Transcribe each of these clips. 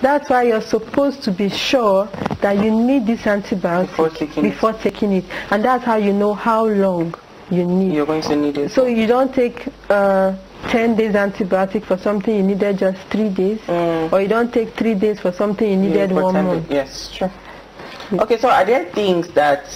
That's why you're supposed to be sure that you need this antibiotic before taking, before it. taking it. And that's how you know how long you need. You're going to need it. So you don't take uh, 10 days antibiotic for something you needed just 3 days. Mm. Or you don't take 3 days for something you needed yeah, one month. Yes, sure. Okay, so are there things that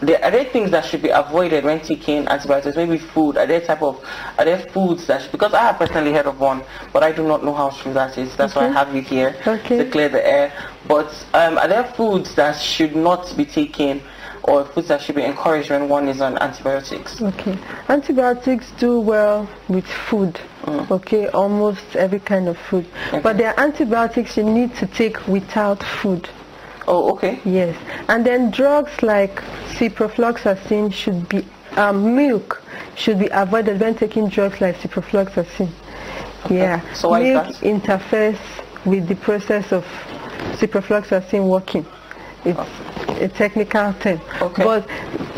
there, are there things that should be avoided when taking antibiotics? Maybe food. Are there type of are there foods that should, because I have personally heard of one, but I do not know how true that is. That's okay. why I have you here okay. to clear the air. But um, are there foods that should not be taken? or foods that should be encouraged when one is on antibiotics? Okay. Antibiotics do well with food. Mm. Okay, almost every kind of food. Okay. But there are antibiotics you need to take without food. Oh, okay. Yes. And then drugs like ciprofloxacin should be, um, milk should be avoided when taking drugs like ciprofloxacin. Okay. Yeah. So why milk is that? interferes with the process of ciprofloxacin working. It's oh. a technical term. Okay. But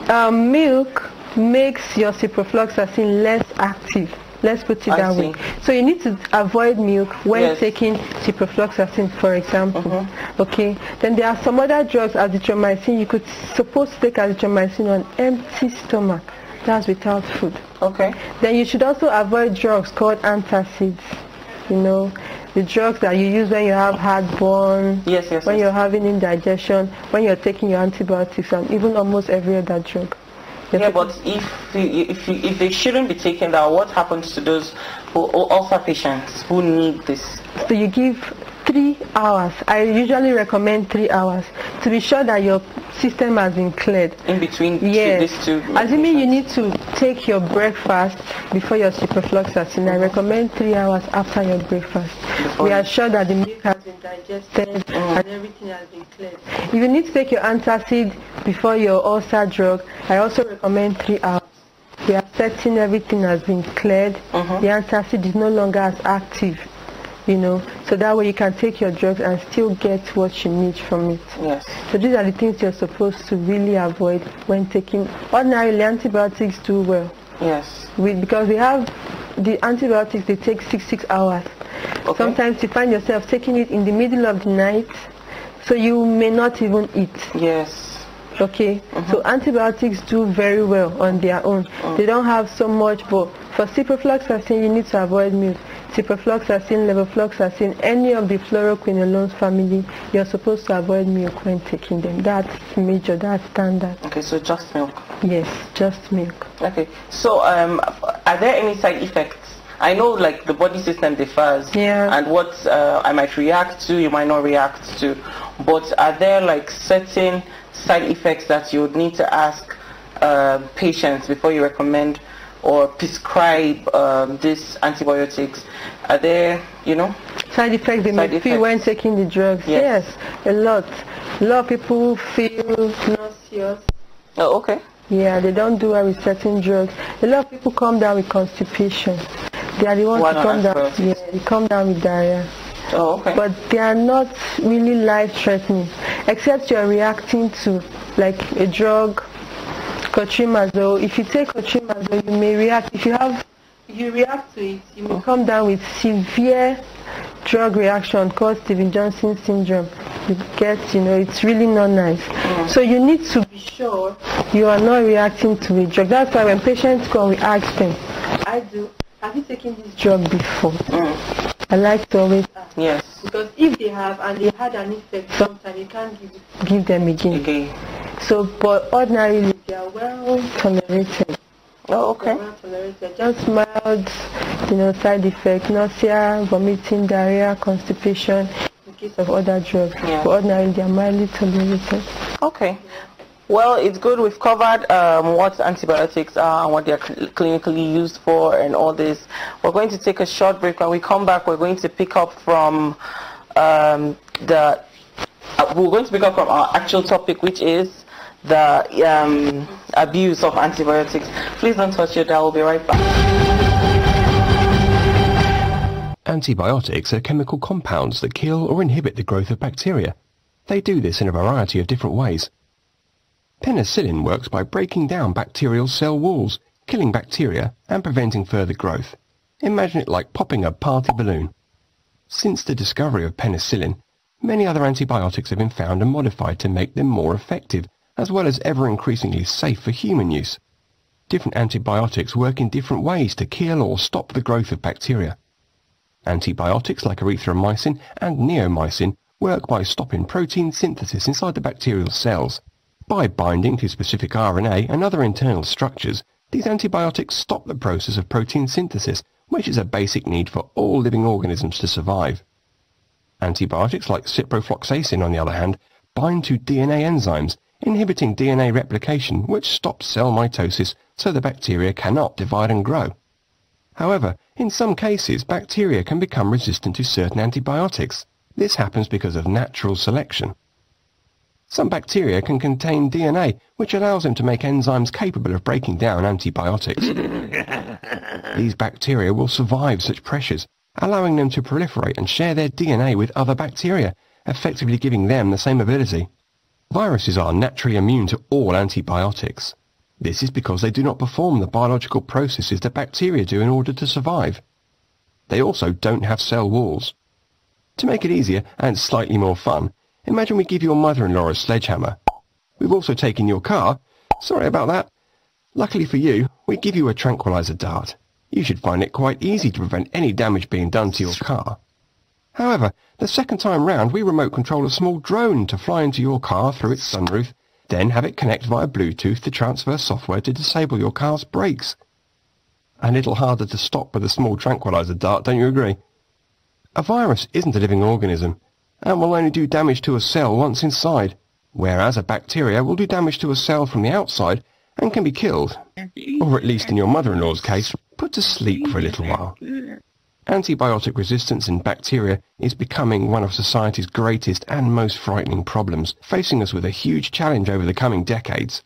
um, milk makes your ciprofloxacin less active Let's put it I that see. way. So you need to avoid milk when yes. taking ciprofloxacin, for example. Mm -hmm. Okay. Then there are some other drugs, azithromycin. You could suppose to take azithromycin on empty stomach. That's without food. Okay. Then you should also avoid drugs called antacids. You know, the drugs that you use when you have heartburn, yes, yes, when yes. you're having indigestion, when you're taking your antibiotics, and even almost every other drug. Yeah, but if if if they shouldn't be taken that, what happens to those who, who patients who need this? So you give three hours. I usually recommend three hours to be sure that your system has been cleared. In between yes. these two Assuming you need to take your breakfast before your superfluoxacin, I recommend three hours after your breakfast. Before we are sure that the milk has been digested mm. and everything has been cleared. If you need to take your antacid before your ulcer drug, I also recommend three hours we are certain everything has been cleared. Mm -hmm. The antacid is no longer as active you know, so that way you can take your drugs and still get what you need from it. Yes. So these are the things you're supposed to really avoid when taking ordinarily antibiotics do well. Yes. We, because they have the antibiotics they take six six hours. Okay. Sometimes you find yourself taking it in the middle of the night, so you may not even eat. Yes. Okay. Mm -hmm. So antibiotics do very well on their own. Mm. They don't have so much, but for ciprofloxacin, you need to avoid meals. Ciprofloxacin, levofloxacin, any of the fluoroquinolones family, you're supposed to avoid milk when taking them. That's major, that's standard. Okay, so just milk? Yes, just milk. Okay, so um, are there any side effects? I know like the body system differs yeah. and what uh, I might react to, you might not react to. But are there like certain side effects that you would need to ask uh, patients before you recommend or prescribe um, these antibiotics? Are there, you know, side effects they might feel when taking the drugs? Yes. yes. a lot. A lot of people feel nauseous. Oh, okay. Yeah, they don't do well with certain drugs. A lot of people come down with constipation. They are the ones who come down. Yeah, they come down with diarrhea. Oh, okay. But they are not really life-threatening, except you are reacting to like a drug Kochimazo. If you take Kochimazo, you may react. If you have, you react to it, you may come down with severe drug reaction called Steven Johnson syndrome. You get, you know, it's really not nice. Yeah. So you need to be sure you are not reacting to a drug. That's why when patients come, we ask them, I do, have you taken this drug before? Yeah. I like to always ask. Yes. Because if they have and they had an insect sometime, you can't give Give them again. Again. So, but ordinarily, they are well tolerated. Oh, okay. Just mild, you know, side effect, nausea, vomiting, diarrhea, constipation, in case of other drugs. Yeah. But ordinarily, they are mildly tolerated. Okay. Well, it's good. We've covered um, what antibiotics are and what they're cl clinically used for and all this. We're going to take a short break. When we come back, we're going to pick up from um, the... Uh, we're going to pick up from our actual topic, which is the um, abuse of antibiotics. Please don't touch your dial. We'll be right back. Antibiotics are chemical compounds that kill or inhibit the growth of bacteria. They do this in a variety of different ways. Penicillin works by breaking down bacterial cell walls, killing bacteria and preventing further growth. Imagine it like popping a party balloon. Since the discovery of penicillin, many other antibiotics have been found and modified to make them more effective, as well as ever increasingly safe for human use. Different antibiotics work in different ways to kill or stop the growth of bacteria. Antibiotics like erythromycin and neomycin work by stopping protein synthesis inside the bacterial cells, by binding to specific RNA and other internal structures, these antibiotics stop the process of protein synthesis, which is a basic need for all living organisms to survive. Antibiotics like ciprofloxacin, on the other hand, bind to DNA enzymes, inhibiting DNA replication, which stops cell mitosis so the bacteria cannot divide and grow. However, in some cases, bacteria can become resistant to certain antibiotics. This happens because of natural selection. Some bacteria can contain DNA, which allows them to make enzymes capable of breaking down antibiotics. These bacteria will survive such pressures, allowing them to proliferate and share their DNA with other bacteria, effectively giving them the same ability. Viruses are naturally immune to all antibiotics. This is because they do not perform the biological processes that bacteria do in order to survive. They also don't have cell walls. To make it easier and slightly more fun, Imagine we give your mother-in-law a sledgehammer. We've also taken your car. Sorry about that. Luckily for you, we give you a tranquilizer dart. You should find it quite easy to prevent any damage being done to your car. However, the second time round, we remote control a small drone to fly into your car through its sunroof, then have it connect via Bluetooth to transfer software to disable your car's brakes. A little harder to stop with a small tranquilizer dart, don't you agree? A virus isn't a living organism and will only do damage to a cell once inside, whereas a bacteria will do damage to a cell from the outside and can be killed, or at least in your mother-in-law's case, put to sleep for a little while. Antibiotic resistance in bacteria is becoming one of society's greatest and most frightening problems, facing us with a huge challenge over the coming decades.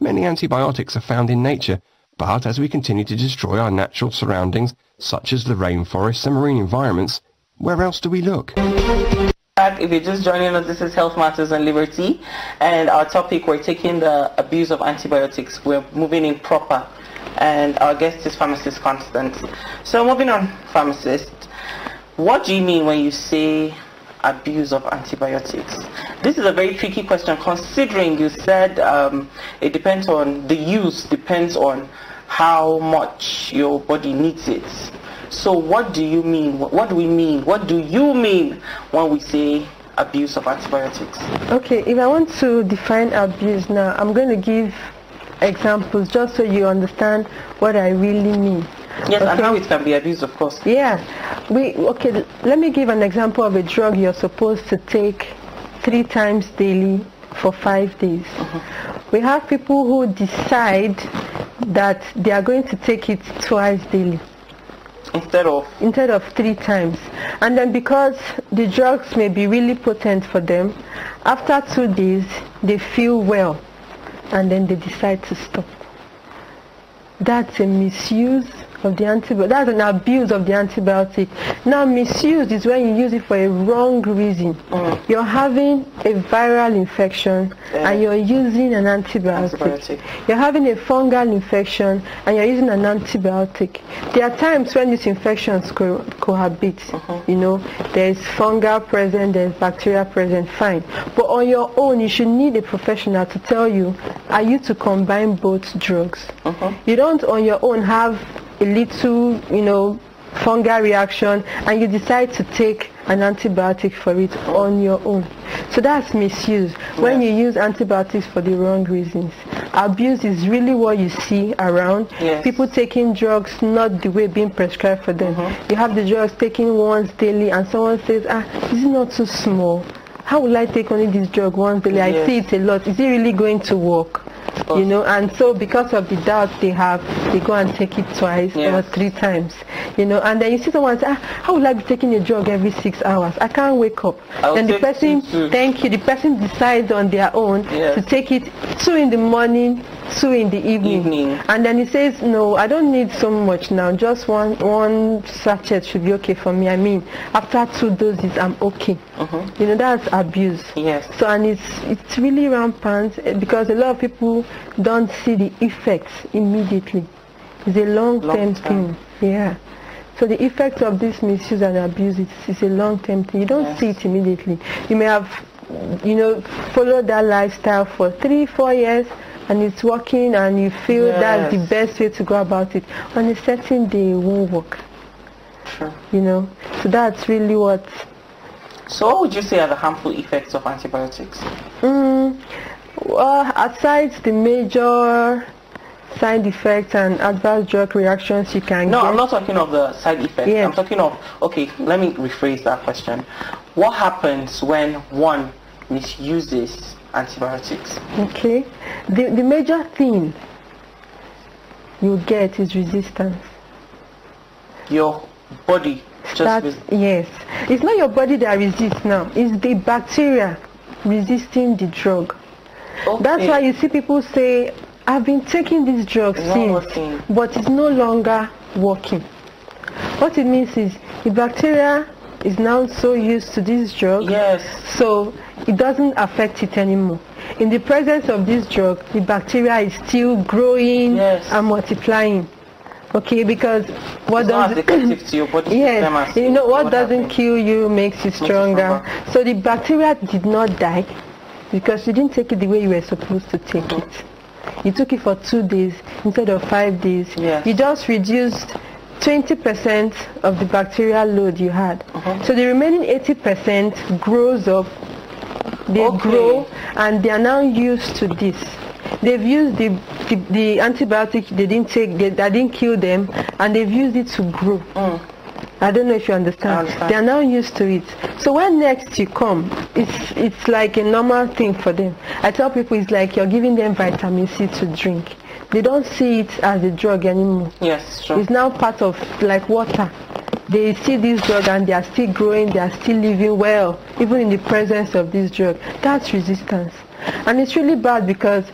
Many antibiotics are found in nature, but as we continue to destroy our natural surroundings, such as the rainforests and marine environments, where else do we look? If you're just joining us, this is Health Matters and Liberty, and our topic, we're taking the abuse of antibiotics. We're moving in proper, and our guest is pharmacist Constance. So moving on, pharmacist, what do you mean when you say abuse of antibiotics? This is a very tricky question considering you said um, it depends on, the use depends on how much your body needs it. So what do you mean? What do we mean? What do you mean when we say abuse of antibiotics? Okay, if I want to define abuse now, I'm going to give examples just so you understand what I really mean. Yes, okay. and how it can be abused, of course. Yeah. We okay. Let me give an example of a drug you're supposed to take three times daily for five days. Mm-hmm. We have people who decide that they are going to take it twice daily. Instead of? Instead of three times. And then because the drugs may be really potent for them, after two days, they feel well and then they decide to stop. That's a misuse of the antibiotic. That's an abuse of the antibiotic. Now, misuse is when you use it for a wrong reason. Mm. You're having a viral infection yeah. and you're using an antibiotic. antibiotic. You're having a fungal infection and you're using an antibiotic. There are times when these infections co cohabit. Mm -hmm. You know, there's fungal present, there's bacteria present, fine. But on your own, you should need a professional to tell you, are you to combine both drugs? Mm -hmm. You don't on your own have a little, you know, fungal reaction and you decide to take an antibiotic for it on your own. So that's misuse. When you use antibiotics for the wrong reasons. Abuse is really what you see around. Yes. People taking drugs not the way being prescribed for them. Mm-hmm. You have the drugs taking once daily and someone says, ah, this is not so small. How will I take only this drug once daily? Yes. I see it a lot. Is it really going to work? Oh. You know, and so because of the doubt they have, they go and take it twice or three times. You know, and then you see someone say, ah, I would like be taking a drug every six hours. I can't wake up. I'll then the person, thank you, the person decides on their own to take it two in the morning, two in the evening. evening. And then he says, no, I don't need so much now. Just one one sachet should be okay for me. I mean, after two doses, I'm okay. Uh-huh. You know, that's abuse. Yes. So, and it's, it's really rampant eh, because a lot of people don't see the effects immediately. It's a long-term long thing. Yeah. So the effect of this misuse and abuse is, it's a long-term thing. You don't yes. see it immediately. You may have, you know, followed that lifestyle for three, four years, and it's working and you feel yes. that's the best way to go about it, on a certain day it won't work. Sure. You know, so that's really what. So what would you say are the harmful effects of antibiotics? Mm, well, aside the major side effects and adverse drug reactions you can no, get. I'm not talking of the side effects. Yes. I'm talking of, okay, let me rephrase that question. What happens when one misuses antibiotics. Okay. The, the major thing you get is resistance. Your body just that, yes. It's not your body that resists now. It's the bacteria resisting the drug. Okay. That's why you see people say, I've been taking this drug it's since, but it's no longer working. What it means is the bacteria is now so used to this drug. Yes. So it doesn't affect it anymore. In the presence of this drug, the bacteria is still growing yes. and multiplying. Okay, because what does you, yes, you know what, what doesn't happened? kill you makes you stronger. So the bacteria did not die because you didn't take it the way you were supposed to take mm -hmm. it. You took it for two days instead of five days. Yes. You just reduced 20% of the bacterial load you had. Mm -hmm. So the remaining 80% grows up they okay. grow and they are now used to this. They've used the, the, the antibiotic they didn't take, they, that didn't kill them, and they've used it to grow. Mm. I don't know if you understand. understand. They are now used to it. So when next you come, it's it's like a normal thing for them. I tell people it's like you're giving them vitamin C to drink. They don't see it as a drug anymore. Yes, true. It's now part of like water they see this drug and they are still growing, they are still living well, even in the presence of this drug. That's resistance. And it's really bad because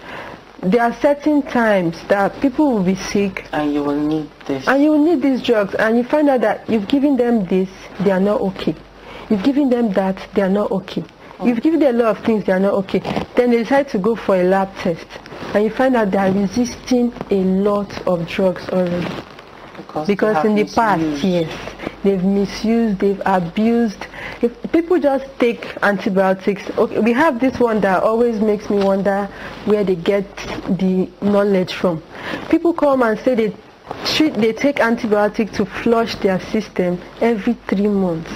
there are certain times that people will be sick and you will need this and you will need these drugs and you find out that you've given them this they are not okay you've given them that they are not okay you've oh. given them a lot of things they are not okay then they decide to go for a lab test and you find out they are resisting a lot of drugs already because, because in the past yes they've misused, they've abused. If people just take antibiotics, okay, we have this one that always makes me wonder where they get the knowledge from. People come and say they treat, they take antibiotics to flush their system every three months.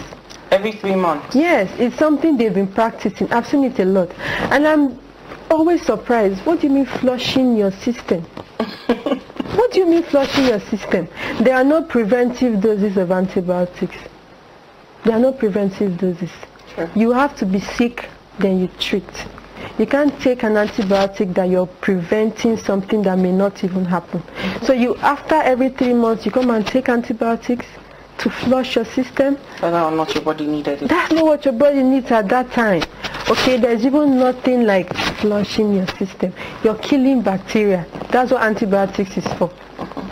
Every three months? Yes, it's something they've been practicing. I've seen it a lot. And I'm always surprised. What do you mean flushing your system? What do you mean flushing your system? There are no preventive doses of antibiotics. There are no preventive doses. Sure. You have to be sick, then you treat. You can't take an antibiotic that you're preventing something that may not even happen. Mm -hmm. So you, after every three months, you come and take antibiotics to flush your system. that's not what your body needed. That's not what your body needs at that time okay there's even nothing like flushing your system you're killing bacteria that's what antibiotics is for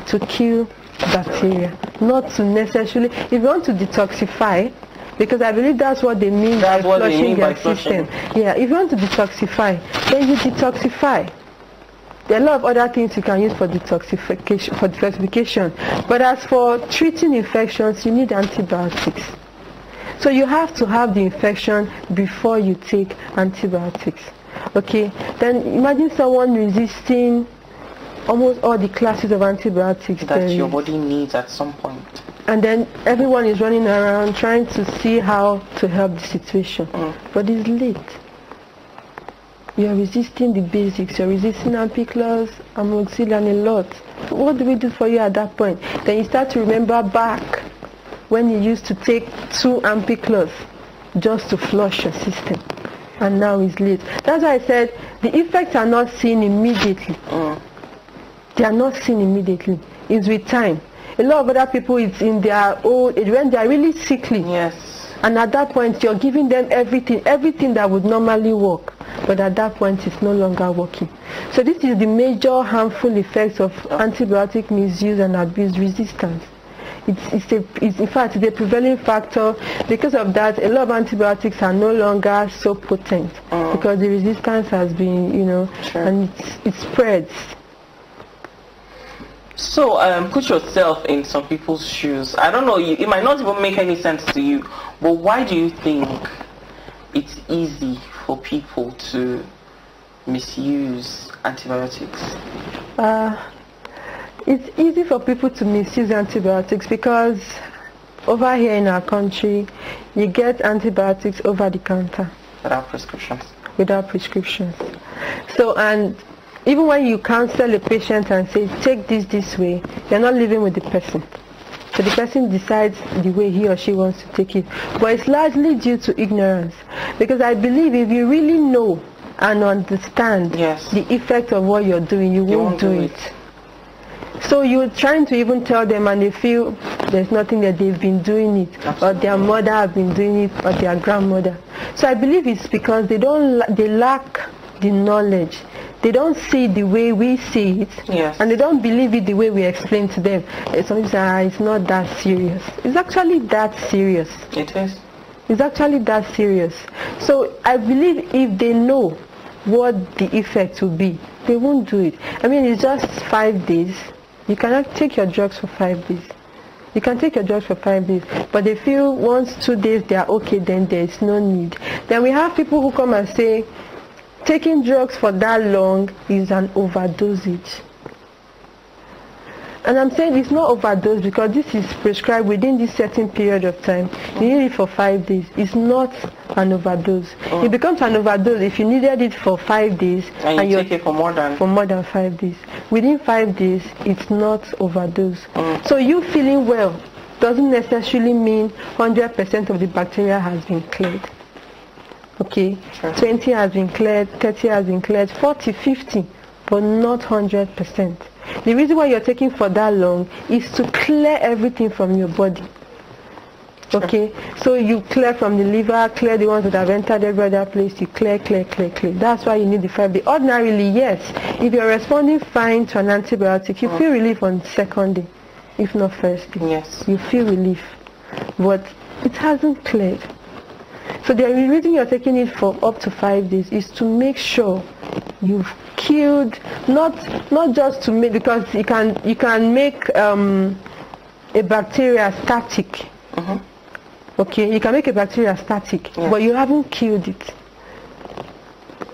to kill bacteria not to necessarily if you want to detoxify because I believe that's what they mean that's by what flushing mean your by system. Flushing. Yeah, if you want to detoxify, then you detoxify. There are a lot of other things you can use for detoxification, for detoxification. But as for treating infections, you need antibiotics. So you have to have the infection before you take antibiotics. Okay, then imagine someone resisting almost all the classes of antibiotics that your body needs at some point. And then everyone is running around trying to see how to help the situation. Mm. But it's late. You are resisting the basics. You are resisting ampiclos, amoxicillin, and a lot. What do we do for you at that point? Then you start to remember back when you used to take two ampi cloths just to flush your system and now it's late. That's why I said the effects are not seen immediately. Mm. They are not seen immediately. It's with time. A lot of other people, it's in their old age when they are really sickly. Yes. And at that point, you're giving them everything, everything that would normally work. But at that point, it's no longer working. So this is the major harmful effects of oh. antibiotic misuse and abuse resistance. It's, it's, a, it's in fact the prevailing factor. Because of that, a lot of antibiotics are no longer so potent mm. because the resistance has been, you know, sure. and it, it spreads. So um, put yourself in some people's shoes. I don't know. it might not even make any sense to you, but why do you think it's easy for people to misuse antibiotics? Uh, it's easy for people to misuse antibiotics because over here in our country, you get antibiotics over the counter. Without prescriptions. Without prescriptions. So, and even when you counsel a patient and say, take this this way, you're not living with the person. So the person decides the way he or she wants to take it. But it's largely due to ignorance. Because I believe if you really know and understand yes. the effect of what you're doing, you, you won't, won't do it. it. So you're trying to even tell them and they feel there's nothing that they've been doing it Absolutely. or their mother have been doing it or their grandmother. So I believe it's because they don't they lack the knowledge. They don't see the way we see it, yes. and they don't believe it the way we explain to them. Sometimes ah, it's not that serious. It's actually that serious. It is. It's actually that serious. So I believe if they know what the effect will be, they won't do it. I mean, it's just five days you cannot take your drugs for five days. You can take your drugs for five days, but they feel once, two days they are okay, then there is no need. Then we have people who come and say, taking drugs for that long is an overdosage. And I'm saying it's not overdose because this is prescribed within this certain period of time. You need it for five days. It's not an overdose. Mm. It becomes an overdose if you needed it for five days and, and you take it for more than for more than five days. Within five days, it's not overdose. Mm. So you feeling well doesn't necessarily mean 100% of the bacteria has been cleared. Okay, sure. 20 has been cleared, 30 has been cleared, 40, 50, but not 100%. The reason why you're taking for that long is to clear everything from your body. Okay, so you clear from the liver, clear the ones that have entered every other place, you clear, clear, clear, clear. That's why you need the five day. Ordinarily, yes, if you're responding fine to an antibiotic, you mm. feel relief on second day, if not first day. Yes. You feel relief, but it hasn't cleared. So the reason you're taking it for up to five days is to make sure you've killed not not just to make because you can you can make um, a bacteria static. Mm -hmm. Okay, you can make a bacteria static, yeah. but you haven't killed it.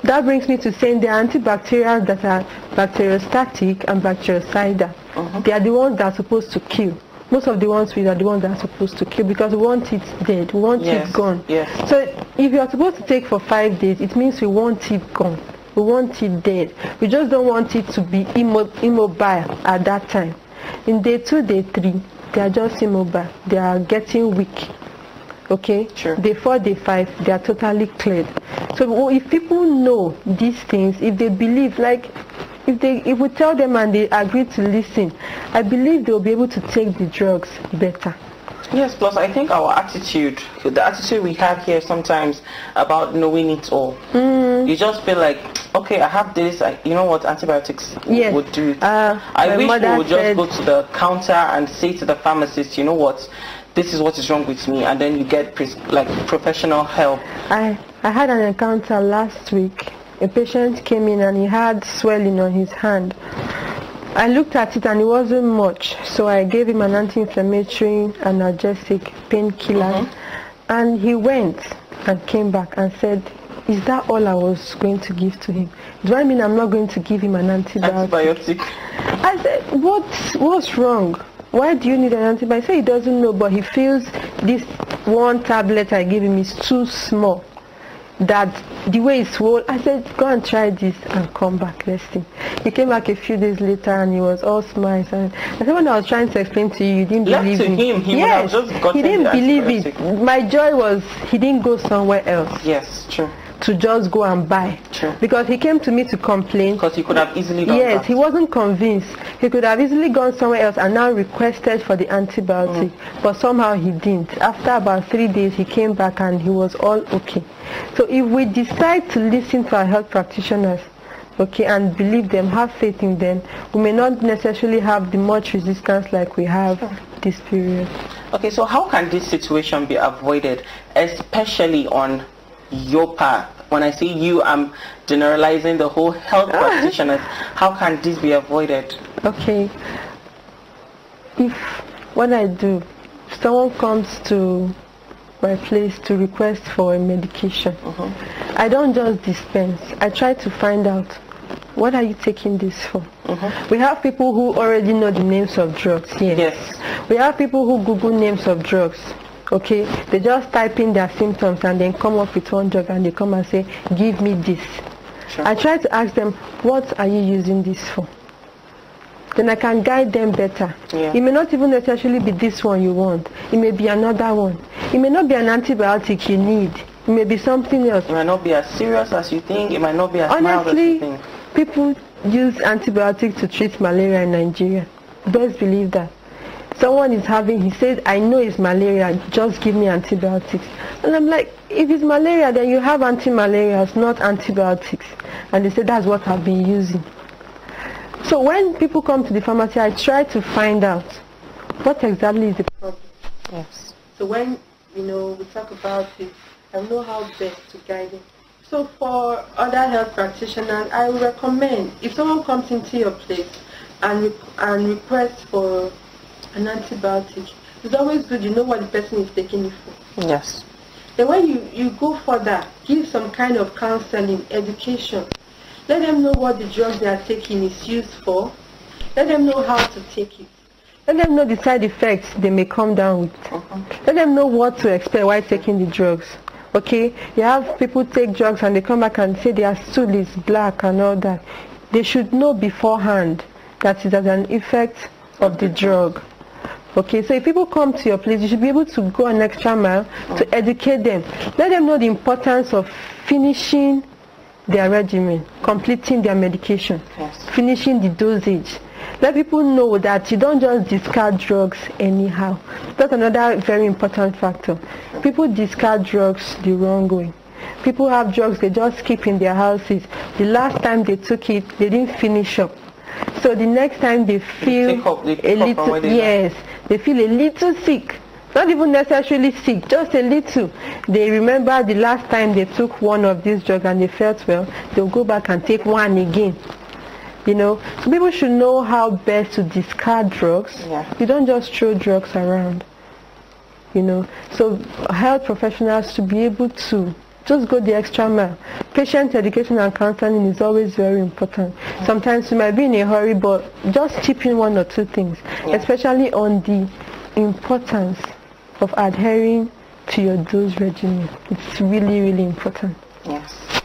That brings me to saying the antibacterials that are bacteriostatic and bactericidal, mm -hmm. they are the ones that are supposed to kill most of the ones we are the ones that are supposed to kill because we want it dead, we want yes. it gone. Yes. So if you are supposed to take for five days, it means we want it gone. We want it dead. We just don't want it to be immobile at that time. In day two, day three, they are just immobile. They are getting weak. Okay? Sure. Day four, day five, they are totally cleared. So oh, if people know these things, if they believe, like if they if we tell them and they agree to listen, I believe they'll be able to take the drugs better. Yes, plus I think our attitude, the attitude we have here sometimes about knowing it all. Mm. Mm. You just feel like, okay, I have this. I, you know what? Antibiotics yes. would do. Uh, I wish we would just go to the counter and say to the pharmacist, you know what? This is what is wrong with me, and then you get like professional help. I I had an encounter last week. A patient came in and he had swelling on his hand. I looked at it and it wasn't much, so I gave him an anti-inflammatory, analgesic, painkiller, mm -hmm. and he went and came back and said is that all I was going to give to him? Do I mean I'm not going to give him an antibiotic? Antibiotic. I said, what, what's wrong? Why do you need an antibiotic? I said, he doesn't know, but he feels this one tablet I gave him is too small. That the way it's swole, I said, go and try this and come back, let's see. He came back a few days later and he was all smiles. And I said, when I was trying to explain to you, you didn't Left believe to me. him, he yes, would have just He didn't believe it. My joy was he didn't go somewhere else. Yes, true to just go and buy. Because he came to me to complain. Because he could have easily gone. Yes, he wasn't convinced. He could have easily gone somewhere else and now requested for the antibiotic. Mm. But somehow he didn't. After about three days, he came back and he was all okay. So if we decide to listen to our health practitioners, okay, and believe them, have faith in them, we may not necessarily have the much resistance like we have sure. this period. Okay, so how can this situation be avoided, especially on your path. When I say you, I'm generalizing the whole health ah. practitioners. How can this be avoided? Okay. If what I do, someone comes to my place to request for a medication, uh-huh. I don't just dispense. I try to find out what are you taking this for? Uh-huh. We have people who already know the names of drugs. Yes. yes. We have people who Google names of drugs okay they just type in their symptoms and then come up with one drug and they come and say give me this sure. i try to ask them what are you using this for then i can guide them better yeah. it may not even necessarily be this one you want it may be another one it may not be an antibiotic you need it may be something else it might not be as serious as you think it might not be as honestly mild as you think. people use antibiotics to treat malaria in nigeria best believe that someone is having, he says, I know it's malaria, just give me antibiotics. And I'm like, if it's malaria, then you have anti-malarials, not antibiotics. And they say, that's what I've been using. So when people come to the pharmacy, I try to find out what exactly is the problem. Yes. So when, you know, we talk about it, I know how best to guide it. So for other health practitioners, I recommend if someone comes into your place and, and requests for an antibiotic, it's always good you know what the person is taking it for. Yes. Then when you, you go further, give some kind of counseling, education. Let them know what the drug they are taking is used for. Let them know how to take it. Let them know the side effects they may come down with. Okay. Let them know what to expect while taking the drugs. Okay, you have people take drugs and they come back and say their stool is black and all that. They should know beforehand that it has an effect of the drug. Okay, so if people come to your place, you should be able to go an extra mile to educate them. Let them know the importance of finishing their regimen, completing their medication, yes. finishing the dosage. Let people know that you don't just discard drugs anyhow. That's another very important factor. People discard drugs the wrong way. People have drugs they just keep in their houses. The last time they took it, they didn't finish up. So the next time they feel they up, they a little, yes, they feel a little sick not even necessarily sick just a little they remember the last time they took one of these drugs and they felt well they'll go back and take one again you know so people should know how best to discard drugs yeah. you don't just throw drugs around you know so health professionals to be able to just go the extra mile. Patient education and counseling is always very important. Sometimes you might be in a hurry, but just chip in one or two things, yeah. especially on the importance of adhering to your dose regimen. It's really, really important. Yes.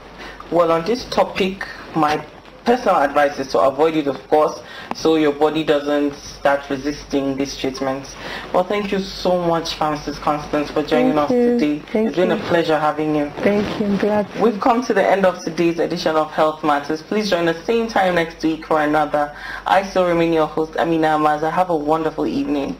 Well, on this topic, my personal advice is to avoid it, of course, so your body doesn't start resisting these treatments. Well, thank you so much, Francis Constance, for joining thank us you. today. Thank it's you. been a pleasure having you. Thank you. I'm glad. We've come to the end of today's edition of Health Matters. Please join us same time next week for another. I still remain your host, Amina Amaza. Have a wonderful evening.